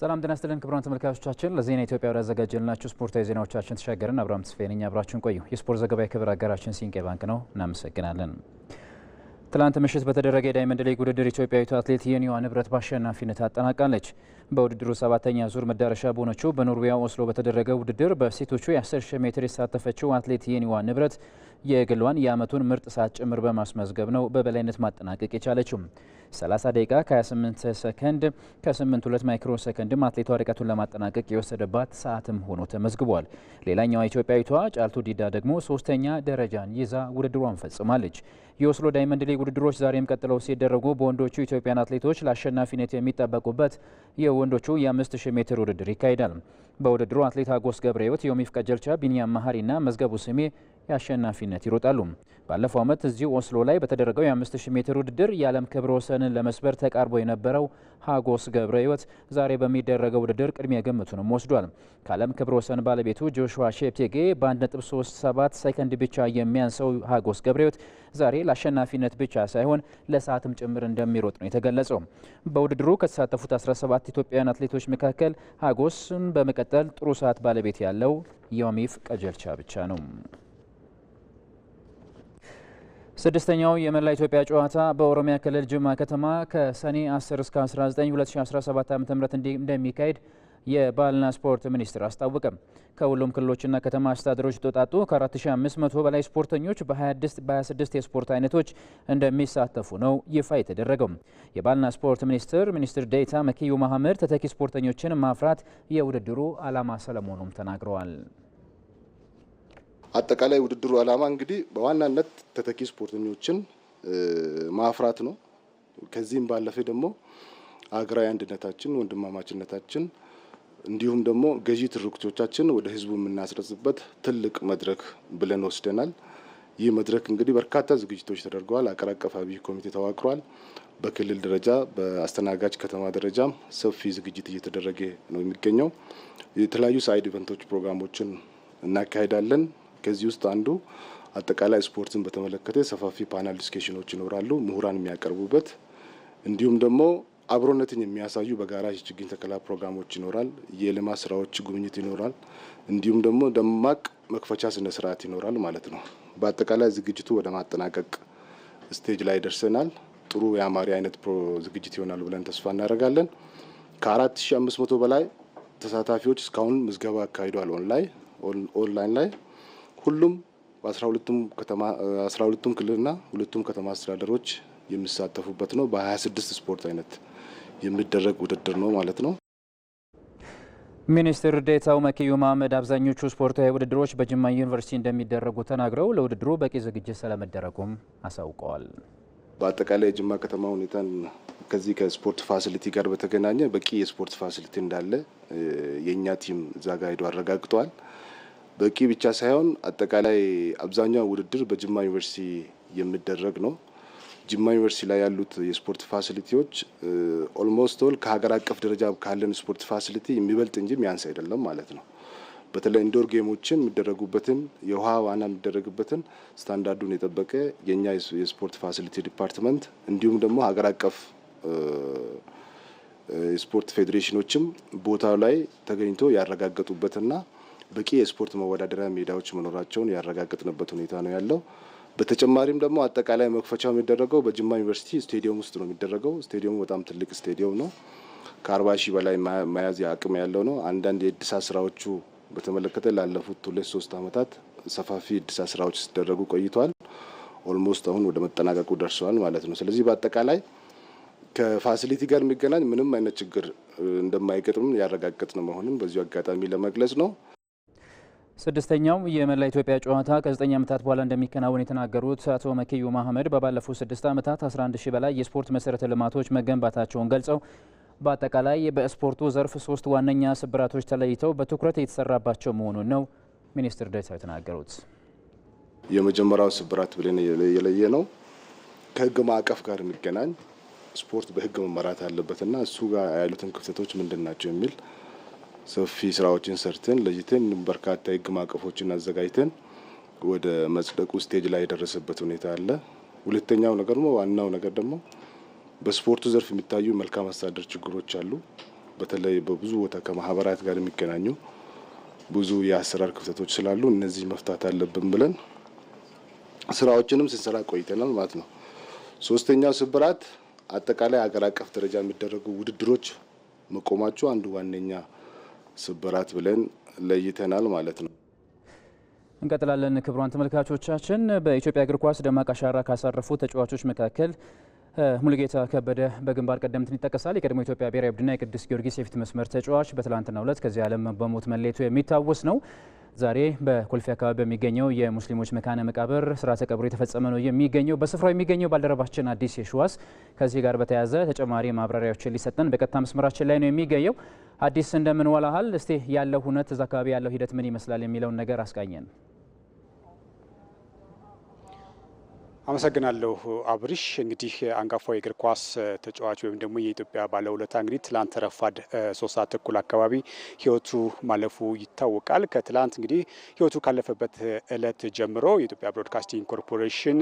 ሰላም ጤና ይስጥልን ክቡራን ተመልካቾቻችን፣ ለዜና ኢትዮጵያ ወደ ስፖርታዊ ዜናዎቻችን ተሻገርን። አብርሃም ተስፋዬ ነኝ፣ አብራችሁን ቆዩ። የስፖርት ዘገባ የክብር አጋራችን ሲንቄ ባንክ ነው። እናመሰግናለን። ትላንት ምሽት በተደረገ የዳይመንድ ሊግ ውድድር ኢትዮጵያዊቱ አትሌት የኒዋ ንብረት በአሸናፊነት አጠናቃለች። በውድድሩ ሰባተኛ ዙር መዳረሻ በሆነችው በኖርዌያ ኦስሎ በተደረገ ውድድር በሴቶቹ የ10 ሺህ ሜትር የተሳተፈችው አትሌት የኒዋ ንብረት የግሏን የአመቱን ምርጥ ሰዓት ጭምር በማስመዝገብ ነው በበላይነት ማጠናቀቅ የቻለችው። 30 ደቂቃ ከ28 ሰከንድ ከ82 ማይክሮ ሰከንድም አትሌቷ ርቀቱን ለማጠናቀቅ የወሰደባት ሰዓትም ሆኖ ተመዝግቧል። ሌላኛዋ ኢትዮጵያዊቷ ጫልቱ ዲዳ ደግሞ ሶስተኛ ደረጃን ይዛ ውድድሯን ፈጽማለች። የኦስሎ ዳይመንድ ሊግ ውድድሮች ዛሬም ቀጥለው ሲደረጉ በወንዶቹ ኢትዮጵያን አትሌቶች ለአሸናፊነት የሚጠበቁበት የወንዶቹ የ5000 ሜትር ውድድር ይካሄዳል። በውድድሩ አትሌት አጎስ ገብረ ሕይወት፣ ዮሚፍ ቀጀልቻ፣ ቢኒያም መሀሪና መዝገቡ ስሜ የአሸናፊነት ይሮጣሉ። ባለፈው ዓመት እዚሁ ኦስሎ ላይ በተደረገው የ5000 ሜትር ውድድር የዓለም ክብረ ወሰንን ለመስበር ተቃርቦ የነበረው ሀጎስ ገብረ ህይወት ዛሬ በሚደረገው ውድድር ቅድሚያ ግምቱንም ወስዷል። ከዓለም ክብረ ወሰን ባለቤቱ ጆሹዋ ሼፕቴጌ በ1.37 ሰከንድ ብቻ የሚያንሰው ሀጎስ ገብረ ህይወት ዛሬ ለአሸናፊነት ብቻ ሳይሆን ለሰዓትም ጭምር እንደሚሮጥ ነው የተገለጸው። በውድድሩ ከተሳተፉት 17 ኢትዮጵያውያን አትሌቶች መካከል ሀጎስን በመቀጠል ጥሩ ሰዓት ባለቤት ያለው ዮሚፍ ቀጀልቻ ብቻ ነው። ስድስተኛው የመላ ኢትዮጵያ ጨዋታ በኦሮሚያ ክልል ጅማ ከተማ ከሰኔ 10 እስከ 19 2017 ዓ.ም እንደሚካሄድ የባህልና ስፖርት ሚኒስቴር አስታወቀም። ከሁሉም ክልሎችና ከተማ አስተዳደሮች የተውጣጡ ከ4500 በላይ ስፖርተኞች በ26 የስፖርት አይነቶች እንደሚሳተፉ ነው ይፋ የተደረገው። የባህልና ስፖርት ሚኒስትር ሚኒስትር ዴታ መኪዩ መሐመድ ተተኪ ስፖርተኞችን ማፍራት የውድድሩ ዓላማ ስለመሆኑም ተናግረዋል። አጠቃላይ ውድድሩ ዓላማ እንግዲህ በዋናነት ተተኪ ስፖርተኞችን ማፍራት ነው። ከዚህም ባለፈ ደግሞ ሀገራዊ አንድነታችን፣ ወንድማማችነታችን እንዲሁም ደግሞ ገዢ ትርክቶቻችን ወደ ህዝቡ የምናስረጽበት ትልቅ መድረክ ብለን ወስደናል። ይህ መድረክ እንግዲህ በርካታ ዝግጅቶች ተደርገዋል። አገር አቀፍ አብይ ኮሚቴ ተዋቅሯል። በክልል ደረጃ በአስተናጋጅ ከተማ ደረጃም ሰፊ ዝግጅት እየተደረገ ነው የሚገኘው። የተለያዩ ሳይድ ኢቨንቶች ፕሮግራሞችን እናካሄዳለን። ከዚህ ውስጥ አንዱ አጠቃላይ ስፖርትን በተመለከተ ሰፋፊ ፓናል ዲስኬሽኖች ይኖራሉ፣ ምሁራን የሚያቀርቡበት እንዲሁም ደግሞ አብሮነትን የሚያሳዩ በጋራ የችግኝ ተከላ ፕሮግራሞች ይኖራል። የልማት ስራዎች ጉብኝት ይኖራል። እንዲሁም ደግሞ ደማቅ መክፈቻ ስነ ስርዓት ይኖራል ማለት ነው። በአጠቃላይ ዝግጅቱ ወደ ማጠናቀቅ ስቴጅ ላይ ደርሰናል። ጥሩ የአማሪ አይነት ዝግጅት ይሆናል ብለን ተስፋ እናደርጋለን። ከ4500 በላይ ተሳታፊዎች እስካሁን ምዝገባ አካሂዷል። ኦንላይን ኦንላይን ላይ ሁሉም በ12ቱም ከተማ ክልልና ሁለቱም ከተማ አስተዳደሮች የሚሳተፉበት ነው። በ26 ስፖርት አይነት የሚደረግ ውድድር ነው ማለት ነው። ሚኒስትር ዴታው መኪዩ መሀመድ አብዛኞቹ ስፖርታዊ ውድድሮች በጅማ ዩኒቨርሲቲ እንደሚደረጉ ተናግረው ለውድድሩ በቂ ዝግጅት ስለመደረጉም አሳውቀዋል። በአጠቃላይ የጅማ ከተማ ሁኔታን ከዚህ ከስፖርት ፋሲሊቲ ጋር በተገናኘ በቂ የስፖርት ፋሲሊቲ እንዳለ የእኛ ቲም እዛ ጋር ሄዶ አረጋግጧል። በቂ ብቻ ሳይሆን አጠቃላይ አብዛኛው ውድድር በጅማ ዩኒቨርሲቲ የሚደረግ ነው። ጅማ ዩኒቨርሲቲ ላይ ያሉት የስፖርት ፋሲሊቲዎች ኦልሞስት ኦል ከሀገር አቀፍ ደረጃ ካለን ስፖርት ፋሲሊቲ የሚበልጥ እንጂ የሚያንስ አይደለም ማለት ነው። በተለይ ኢንዶር ጌሞችን የሚደረጉበትን የውሃ ዋና የሚደረግበትን ስታንዳርዱን የጠበቀ የእኛ የስፖርት ፋሲሊቲ ዲፓርትመንት እንዲሁም ደግሞ ሀገር አቀፍ የስፖርት ፌዴሬሽኖችም ቦታው ላይ ተገኝቶ ያረጋገጡበትና በቂ የስፖርት መወዳደሪያ ሜዳዎች መኖራቸውን ያረጋገጥንበት ሁኔታ ነው ያለው። በተጨማሪም ደግሞ አጠቃላይ መክፈቻው የሚደረገው በጅማ ዩኒቨርሲቲ ስቴዲየም ውስጥ ነው የሚደረገው። ስቴዲየሙ በጣም ትልቅ ስቴዲየም ነው። ከአርባ ሺህ በላይ መያዝ አቅም ያለው ነው። አንዳንድ የእድሳት ስራዎቹ በተመለከተ ላለፉት ሁለት ሶስት ዓመታት ሰፋፊ እድሳት ስራዎች ሲደረጉ ቆይተዋል። ኦልሞስት አሁን ወደ መጠናቀቁ ደርሰዋል ማለት ነው። ስለዚህ በአጠቃላይ ከፋሲሊቲ ጋር የሚገናኝ ምንም አይነት ችግር እንደማይገጥም ነው መሆንም በዚሁ አጋጣሚ ለመግለጽ ነው። ስድስተኛው የመላ ኢትዮጵያ ጨዋታ ከ9 ዓመታት በኋላ እንደሚከናወን የተናገሩት አቶ መኪዩ ማህመድ በባለፉት ስድስት ዓመታት 11 ሺህ በላይ የስፖርት መሰረተ ልማቶች መገንባታቸውን ገልጸው በአጠቃላይ በስፖርቱ ዘርፍ ሶስት ዋነኛ ስብራቶች ተለይተው በትኩረት የተሰራባቸው መሆኑን ነው ሚኒስትር ዴኤታው የተናገሩት። የመጀመሪያው ስብራት ብለን የለየ ነው ከህግ ማዕቀፍ ጋር የሚገናኝ ስፖርት በህግ መመራት አለበትና እሱ ጋር ያሉትን ክፍተቶች ምንድን ናቸው የሚል ሰፊ ስራዎችን ሰርተን ለይተን በርካታ የህግ ማዕቀፎችን አዘጋጅተን ወደ መጽደቁ ስቴጅ ላይ የደረሰበት ሁኔታ አለ። ሁለተኛው ነገር ደግሞ ዋናው ነገር ደግሞ በስፖርቱ ዘርፍ የሚታዩ መልካም አስተዳደር ችግሮች አሉ። በተለይ በብዙ ቦታ ከማህበራት ጋር የሚገናኙ ብዙ የአሰራር ክፍተቶች ስላሉ እነዚህ መፍታት አለብን ብለን ስራዎችንም ስንሰራ ቆይተናል ማለት ነው። ሶስተኛው ስብራት አጠቃላይ አገር አቀፍ ደረጃ የሚደረጉ ውድድሮች መቆማቸው አንዱ ዋነኛ ስብራት ብለን ለይተናል ማለት ነው። እንቀጥላለን። ክቡራን ተመልካቾቻችን በኢትዮጵያ እግር ኳስ ደማቅ አሻራ ካሳረፉ ተጫዋቾች መካከል ሙሉጌታ ከበደ በግንባር ቀደምትን ይጠቀሳል። የቀድሞ ኢትዮጵያ ብሔራዊ ቡድንና የቅዱስ ጊዮርጊስ የፊት መስመር ተጫዋች በትላንትናው ዕለት ከዚህ ዓለም በሞት መለየቱ የሚታወስ ነው። ዛሬ በኮልፌ አካባቢ በሚገኘው የሙስሊሞች መካነ መቃብር ስርዓተ ቀብሩ የተፈጸመ ነው የሚገኘው። በስፍራው የሚገኘው ባልደረባችን አዲስ የሸዋስ ከዚህ ጋር በተያያዘ ተጨማሪ ማብራሪያዎችን ሊሰጠን በቀጥታ መስመራችን ላይ ነው የሚገኘው። አዲስ እንደምን ዋላሃል? እስቲ ያለው ሁነት እዛ አካባቢ ያለው ሂደት ምን ይመስላል የሚለውን ነገር አስቃኘን። አመሰግናለሁ አብርሽ። እንግዲህ አንጋፋው የእግር ኳስ ተጫዋች ወይም ደግሞ የኢትዮጵያ ባለውለታ እንግዲህ ትላንት ረፋድ ሶስት ሰዓት ተኩል አካባቢ ህይወቱ ማለፉ ይታወቃል። ከትላንት እንግዲህ ህይወቱ ካለፈበት እለት ጀምሮ የኢትዮጵያ ብሮድካስቲንግ ኮርፖሬሽን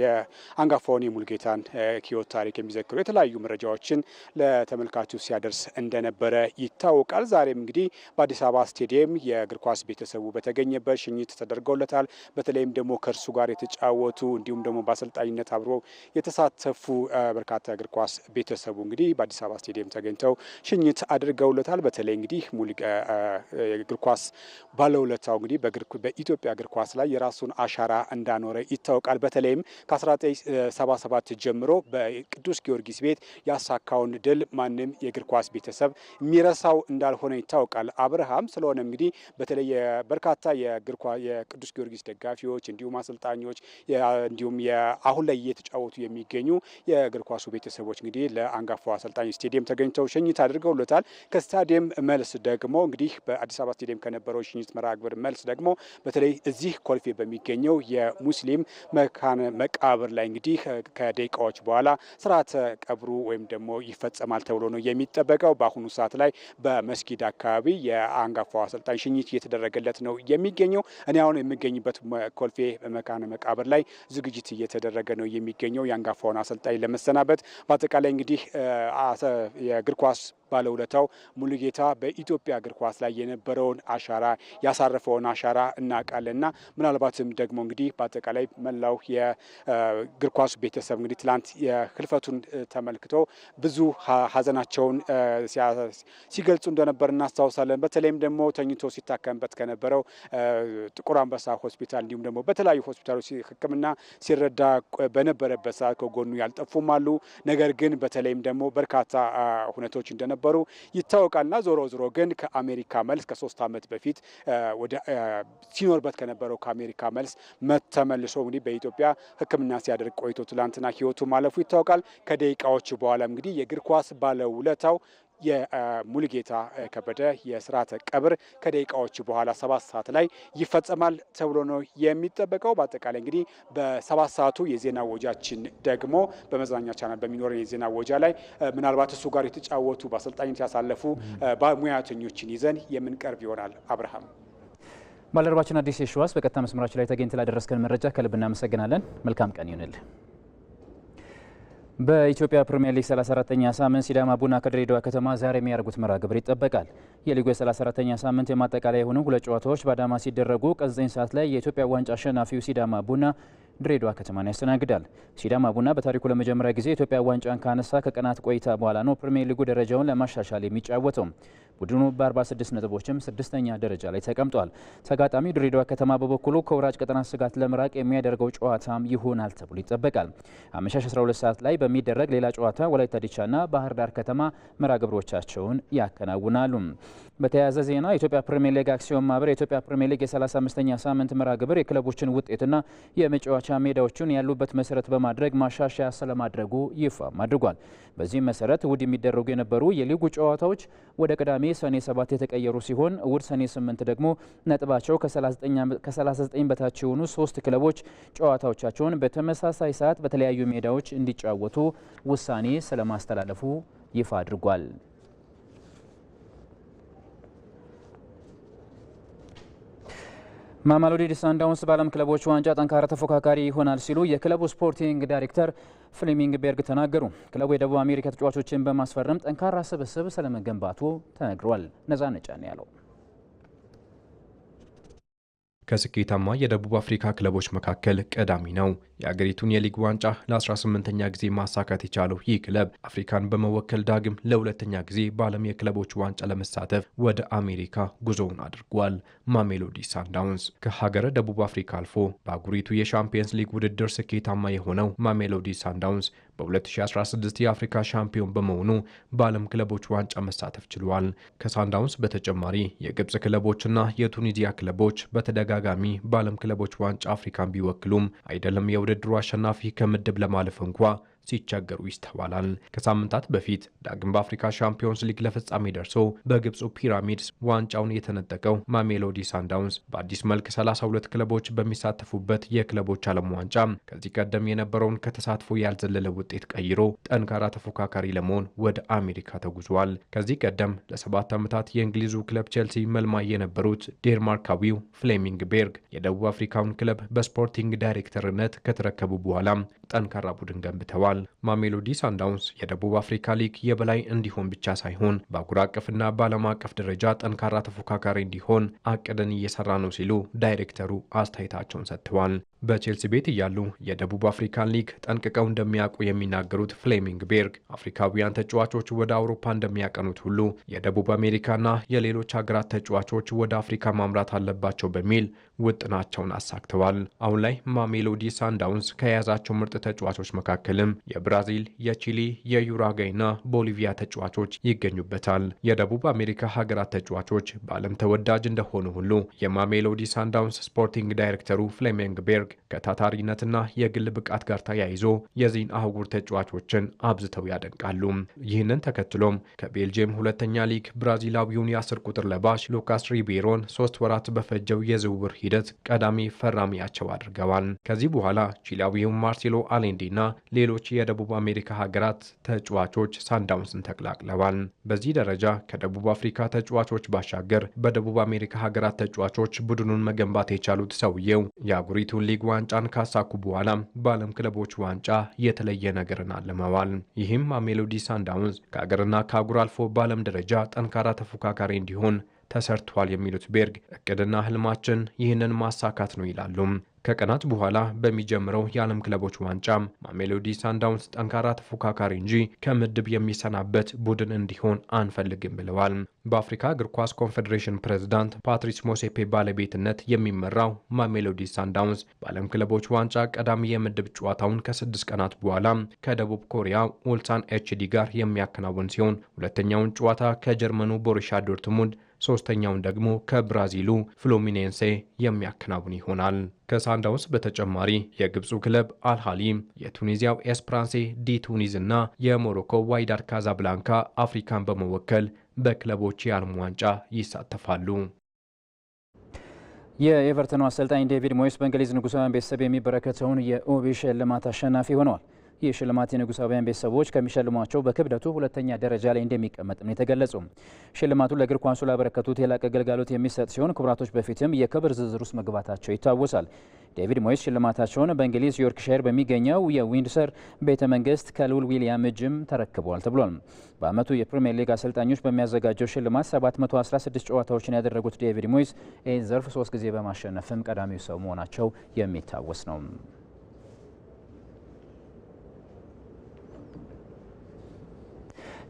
የአንጋፋውን የሙልጌታን ህይወት ታሪክ የሚዘክሩ የተለያዩ መረጃዎችን ለተመልካቹ ሲያደርስ እንደነበረ ይታወቃል። ዛሬም እንግዲህ በአዲስ አበባ ስቴዲየም የእግር ኳስ ቤተሰቡ በተገኘበት ሽኝት ተደርገውለታል። በተለይም ደግሞ ከእርሱ ጋር የተጫወቱ እንዲሁም ደግሞ በአሰልጣኝነት አብሮ የተሳተፉ በርካታ እግር ኳስ ቤተሰቡ እንግዲህ በአዲስ አበባ ስቴዲየም ተገኝተው ሽኝት አድርገውለታል። በተለይ እንግዲህ እግር ኳስ ባለውለታው እንግዲህ በኢትዮጵያ እግር ኳስ ላይ የራሱን አሻራ እንዳኖረ ይታወቃል። በተለይም ከ1977 ጀምሮ በቅዱስ ጊዮርጊስ ቤት ያሳካውን ድል ማንም የእግር ኳስ ቤተሰብ የሚረሳው እንዳልሆነ ይታወቃል አብርሃም። ስለሆነ እንግዲህ በተለይ በርካታ የቅዱስ ጊዮርጊስ ደጋፊዎች እንዲሁም አሰልጣኞች እንዲሁም አሁን ላይ እየተጫወቱ የሚገኙ የእግር ኳሱ ቤተሰቦች እንግዲህ ለአንጋፋ አሰልጣኝ ስቴዲየም ተገኝተው ሽኝት አድርገውለታል። ከስታዲየም መልስ ደግሞ እንግዲህ በአዲስ አበባ ስቴዲየም ከነበረው ሽኝት መርሃ ግብር መልስ ደግሞ በተለይ እዚህ ኮልፌ በሚገኘው የሙስሊም መካነ መቃብር ላይ እንግዲህ ከደቂቃዎች በኋላ ስርዓተ ቀብሩ ወይም ደግሞ ይፈጸማል ተብሎ ነው የሚጠበቀው። በአሁኑ ሰዓት ላይ በመስጊድ አካባቢ የአንጋፋው አሰልጣኝ ሽኝት እየተደረገለት ነው የሚገኘው። እኔ አሁን የምገኝበት ኮልፌ መካነ መቃብር ላይ ዝግጅት ዝግጅት እየተደረገ ነው የሚገኘው የአንጋፋውን አሰልጣኝ ለመሰናበት። በአጠቃላይ እንግዲህ የእግር ኳስ ባለውለታው ሙሉጌታ በኢትዮጵያ እግር ኳስ ላይ የነበረውን አሻራ ያሳረፈውን አሻራ እናውቃለንና ምናልባትም ደግሞ እንግዲህ በአጠቃላይ መላው የእግር ኳሱ ቤተሰብ እንግዲህ ትላንት የህልፈቱን ተመልክቶ ብዙ ሀዘናቸውን ሲገልጹ እንደነበር እናስታውሳለን። በተለይም ደግሞ ተኝቶ ሲታከምበት ከነበረው ጥቁር አንበሳ ሆስፒታል እንዲሁም ደግሞ በተለያዩ ሆስፒታሎች ሕክምና ሲረዳ በነበረበት ሰዓት ከጎኑ ያልጠፉም አሉ። ነገር ግን በተለይም ደግሞ በርካታ ሁነቶች እንደነበሩ ይታወቃልና ዞሮ ዞሮ ግን ከአሜሪካ መልስ ከሶስት ዓመት በፊት ሲኖርበት ከነበረው ከአሜሪካ መልስ መተመልሶ እንግዲህ በኢትዮጵያ ሕክምና ሲያደርግ ቆይቶ ትላንትና ህይወቱ ማለፉ ይታወቃል። ከደቂቃዎች በኋላ እንግዲህ የእግር ኳስ ባለውለታው የሙልጌታ ከበደ የስርዓተ ቀብር ከደቂቃዎች በኋላ ሰባት ሰዓት ላይ ይፈጸማል ተብሎ ነው የሚጠበቀው። በአጠቃላይ እንግዲህ በሰባት ሰዓቱ የዜና ወጃችን ደግሞ በመዝናኛ ቻናል በሚኖረን የዜና ወጃ ላይ ምናልባት እሱ ጋር የተጫወቱ በአሰልጣኝነት ያሳለፉ ሙያተኞችን ይዘን የምንቀርብ ይሆናል። አብርሃም ባልደረባችን አዲስ የሸዋስ በቀጥታ መስመራችን ላይ ተገኝ ላደረስከን መረጃ ከልብ እናመሰግናለን። መልካም ቀን ይሁንልህ። በኢትዮጵያ ፕሪምየር ሊግ 34ኛ ሳምንት ሲዳማ ቡና ከድሬዳዋ ከተማ ዛሬ የሚያደርጉት መርሃ ግብር ይጠበቃል። የሊጉ የ34ኛ ሳምንት የማጠቃለያ የሆኑ ሁለት ጨዋታዎች በአዳማ ሲደረጉ ከ9 ሰዓት ላይ የኢትዮጵያ ዋንጫ አሸናፊው ሲዳማ ቡና ድሬዳዋ ከተማን ያስተናግዳል። ሲዳማ ቡና በታሪኩ ለመጀመሪያ ጊዜ የኢትዮጵያ ዋንጫን ካነሳ ከቀናት ቆይታ በኋላ ነው ፕሪምየር ሊጉ ደረጃውን ለማሻሻል የሚጫወተው። ቡድኑ በ46 ነጥቦችም ስድስተኛ ደረጃ ላይ ተቀምጧል። ተጋጣሚ ድሬዳዋ ከተማ በበኩሉ ከወራጅ ቀጠና ስጋት ለምራቅ የሚያደርገው ጨዋታም ይሆናል ተብሎ ይጠበቃል። አመሻሽ 12 ሰዓት ላይ በሚደረግ ሌላ ጨዋታ ወላይታ ዲቻና ባህር ዳር ከተማ መራ ግብሮቻቸውን ያከናውናሉ። በተያያዘ ዜና የኢትዮጵያ ፕሪምየር ሊግ አክሲዮን ማህበር የኢትዮጵያ ፕሪምየር ሊግ የ35ኛ ሳምንት መራ ግብር የክለቦችን ውጤትና የመጫወቻ ሜዳዎችን ያሉበት መሰረት በማድረግ ማሻሻያ ስለማድረጉ ይፋም አድርጓል። በዚህም መሰረት ውድ የሚደረጉ የነበሩ የሊጉ ጨዋታዎች ወደ ቅዳሜ ቅዳሜ ሰኔ 7 የተቀየሩ ሲሆን እሁድ ሰኔ 8 ደግሞ ነጥባቸው ከ39 በታች የሆኑ ሶስት ክለቦች ጨዋታዎቻቸውን በተመሳሳይ ሰዓት በተለያዩ ሜዳዎች እንዲጫወቱ ውሳኔ ስለማስተላለፉ ይፋ አድርጓል። ማማሎዲ ሳንዳውንስ በዓለም ክለቦች ዋንጫ ጠንካራ ተፎካካሪ ይሆናል ሲሉ የክለቡ ስፖርቲንግ ዳይሬክተር ፍሌሚንግ ቤርግ ተናገሩ። ክለቡ የደቡብ አሜሪካ ተጫዋቾችን በማስፈረም ጠንካራ ስብስብ ስለመገንባቱ ተነግሯል። ነጫን ያለው ከስኬታማ የደቡብ አፍሪካ ክለቦች መካከል ቀዳሚ ነው። የአገሪቱን የሊግ ዋንጫ ለ18ኛ ጊዜ ማሳካት የቻለው ይህ ክለብ አፍሪካን በመወከል ዳግም ለሁለተኛ ጊዜ በዓለም የክለቦች ዋንጫ ለመሳተፍ ወደ አሜሪካ ጉዞውን አድርጓል። ማሜሎዲ ሳንዳውንስ ከሀገረ ደቡብ አፍሪካ አልፎ በአጉሪቱ የሻምፒየንስ ሊግ ውድድር ስኬታማ የሆነው ማሜሎዲ ሳንዳውንስ በ2016 የአፍሪካ ሻምፒዮን በመሆኑ በዓለም ክለቦች ዋንጫ መሳተፍ ችሏል። ከሳንዳውንስ በተጨማሪ የግብፅ ክለቦችና የቱኒዚያ ክለቦች በተደጋጋሚ በዓለም ክለቦች ዋንጫ አፍሪካን ቢወክሉም አይደለም የውድድሩ አሸናፊ ከምድብ ለማለፍ እንኳ ሲቸገሩ ይስተዋላል። ከሳምንታት በፊት ዳግም በአፍሪካ ሻምፒዮንስ ሊግ ለፍጻሜ ደርሶ በግብፁ ፒራሚድስ ዋንጫውን የተነጠቀው ማሜሎዲ ሳንዳውንስ በአዲስ መልክ 32 ክለቦች በሚሳተፉበት የክለቦች ዓለም ዋንጫ ከዚህ ቀደም የነበረውን ከተሳትፎ ያልዘለለ ውጤት ቀይሮ ጠንካራ ተፎካካሪ ለመሆን ወደ አሜሪካ ተጉዟል። ከዚህ ቀደም ለሰባት ዓመታት የእንግሊዙ ክለብ ቼልሲ መልማይ የነበሩት ዴንማርካዊው ፍሌሚንግ ቤርግ የደቡብ አፍሪካውን ክለብ በስፖርቲንግ ዳይሬክተርነት ከተረከቡ በኋላ ጠንካራ ቡድን ገንብተዋል። ገልጸዋል። ማሜሎዲ ሳንዳውንስ የደቡብ አፍሪካ ሊግ የበላይ እንዲሆን ብቻ ሳይሆን በአህጉር አቀፍና በዓለም አቀፍ ደረጃ ጠንካራ ተፎካካሪ እንዲሆን አቅደን እየሰራ ነው ሲሉ ዳይሬክተሩ አስተያየታቸውን ሰጥተዋል። በቼልሲ ቤት እያሉ የደቡብ አፍሪካን ሊግ ጠንቅቀው እንደሚያውቁ የሚናገሩት ፍሌሚንግ ቤርግ አፍሪካውያን ተጫዋቾች ወደ አውሮፓ እንደሚያቀኑት ሁሉ የደቡብ አሜሪካና የሌሎች ሀገራት ተጫዋቾች ወደ አፍሪካ ማምራት አለባቸው በሚል ውጥናቸውን አሳክተዋል። አሁን ላይ ማሜሎዲ ሳንዳውንስ ከያዛቸው ምርጥ ተጫዋቾች መካከልም የብራዚል፣ የቺሊ፣ የዩራጋይና ቦሊቪያ ተጫዋቾች ይገኙበታል። የደቡብ አሜሪካ ሀገራት ተጫዋቾች በዓለም ተወዳጅ እንደሆኑ ሁሉ የማሜሎዲ ሳንዳውንስ ስፖርቲንግ ዳይሬክተሩ ፍሌሚንግ ቤርግ ከታታሪነትና የግል ብቃት ጋር ተያይዞ የዚህን አህጉር ተጫዋቾችን አብዝተው ያደንቃሉ። ይህንን ተከትሎም ከቤልጅየም ሁለተኛ ሊግ ብራዚላዊውን የአስር ቁጥር ለባሽ ሉካስ ሪቤሮን ሶስት ወራት በፈጀው የዝውውር ሂደት ቀዳሚ ፈራሚያቸው አድርገዋል። ከዚህ በኋላ ቺላዊውን ማርሴሎ አሌንዲና ሌሎች የደቡብ አሜሪካ ሀገራት ተጫዋቾች ሳንዳውንስን ተቀላቅለዋል። በዚህ ደረጃ ከደቡብ አፍሪካ ተጫዋቾች ባሻገር በደቡብ አሜሪካ ሀገራት ተጫዋቾች ቡድኑን መገንባት የቻሉት ሰውየው የአጉሪቱን ሊግ ዋንጫን ካሳኩ በኋላ በዓለም ክለቦች ዋንጫ የተለየ ነገርን አለመዋል። ይህም ማሜሎዲ ሳንዳውንስ ከአገርና ከአጉር አልፎ በዓለም ደረጃ ጠንካራ ተፎካካሪ እንዲሆን ተሰርቷል የሚሉት ቤርግ እቅድና ህልማችን ይህንን ማሳካት ነው ይላሉ። ከቀናት በኋላ በሚጀምረው የዓለም ክለቦች ዋንጫ ማሜሎዲ ሳንዳውንስ ጠንካራ ተፎካካሪ እንጂ ከምድብ የሚሰናበት ቡድን እንዲሆን አንፈልግም ብለዋል። በአፍሪካ እግር ኳስ ኮንፌዴሬሽን ፕሬዝዳንት ፓትሪስ ሞሴፔ ባለቤትነት የሚመራው ማሜሎዲ ሳንዳውንስ በዓለም ክለቦች ዋንጫ ቀዳሚ የምድብ ጨዋታውን ከስድስት ቀናት በኋላ ከደቡብ ኮሪያ ኦልሳን ኤችዲ ጋር የሚያከናውን ሲሆን ሁለተኛውን ጨዋታ ከጀርመኑ ቦሩሺያ ዶርትሙንድ ሶስተኛውን ደግሞ ከብራዚሉ ፍሎሚኔንሴ የሚያከናውን ይሆናል። ከሳንዳውንስ በተጨማሪ የግብፁ ክለብ አልሃሊም፣ የቱኒዚያው ኤስፕራንሴ ዲ ቱኒዝ እና የሞሮኮ ዋይዳድ ካዛብላንካ አፍሪካን በመወከል በክለቦች የዓለም ዋንጫ ይሳተፋሉ። የኤቨርተኑ አሰልጣኝ ዴቪድ ሞይስ በእንግሊዝ ንጉሳውያን ቤተሰብ የሚበረከተውን የኦቢ ሽልማት አሸናፊ ሆነዋል። ይህ ሽልማት የንጉሳውያን ቤተሰቦች ከሚሸልሟቸው በክብደቱ ሁለተኛ ደረጃ ላይ እንደሚቀመጥም ነው የተገለጹ። ሽልማቱ ለእግር ኳሱ ላበረከቱት የላቀ አገልግሎት የሚሰጥ ሲሆን ክቡራቶች በፊትም የክብር ዝርዝር ውስጥ መግባታቸው ይታወሳል። ዴቪድ ሞይስ ሽልማታቸውን በእንግሊዝ ዮርክሻየር በሚገኘው የዊንድሰር ቤተ መንግስት ከልዑል ዊሊያም እጅም ተረክቧል ተብሏል። በአመቱ የፕሪምየር ሊግ አሰልጣኞች በሚያዘጋጀው ሽልማት 716 ጨዋታዎችን ያደረጉት ዴቪድ ሞይስ ይህን ዘርፍ ሶስት ጊዜ በማሸነፍም ቀዳሚው ሰው መሆናቸው የሚታወስ ነው።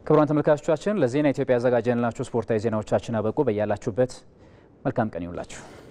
ክቡራን ተመልካቾቻችን ለዜና ኢትዮጵያ ያዘጋጀንላችሁ ስፖርታዊ ዜናዎቻችን አበቁ። በያላችሁበት መልካም ቀን ይሁንላችሁ።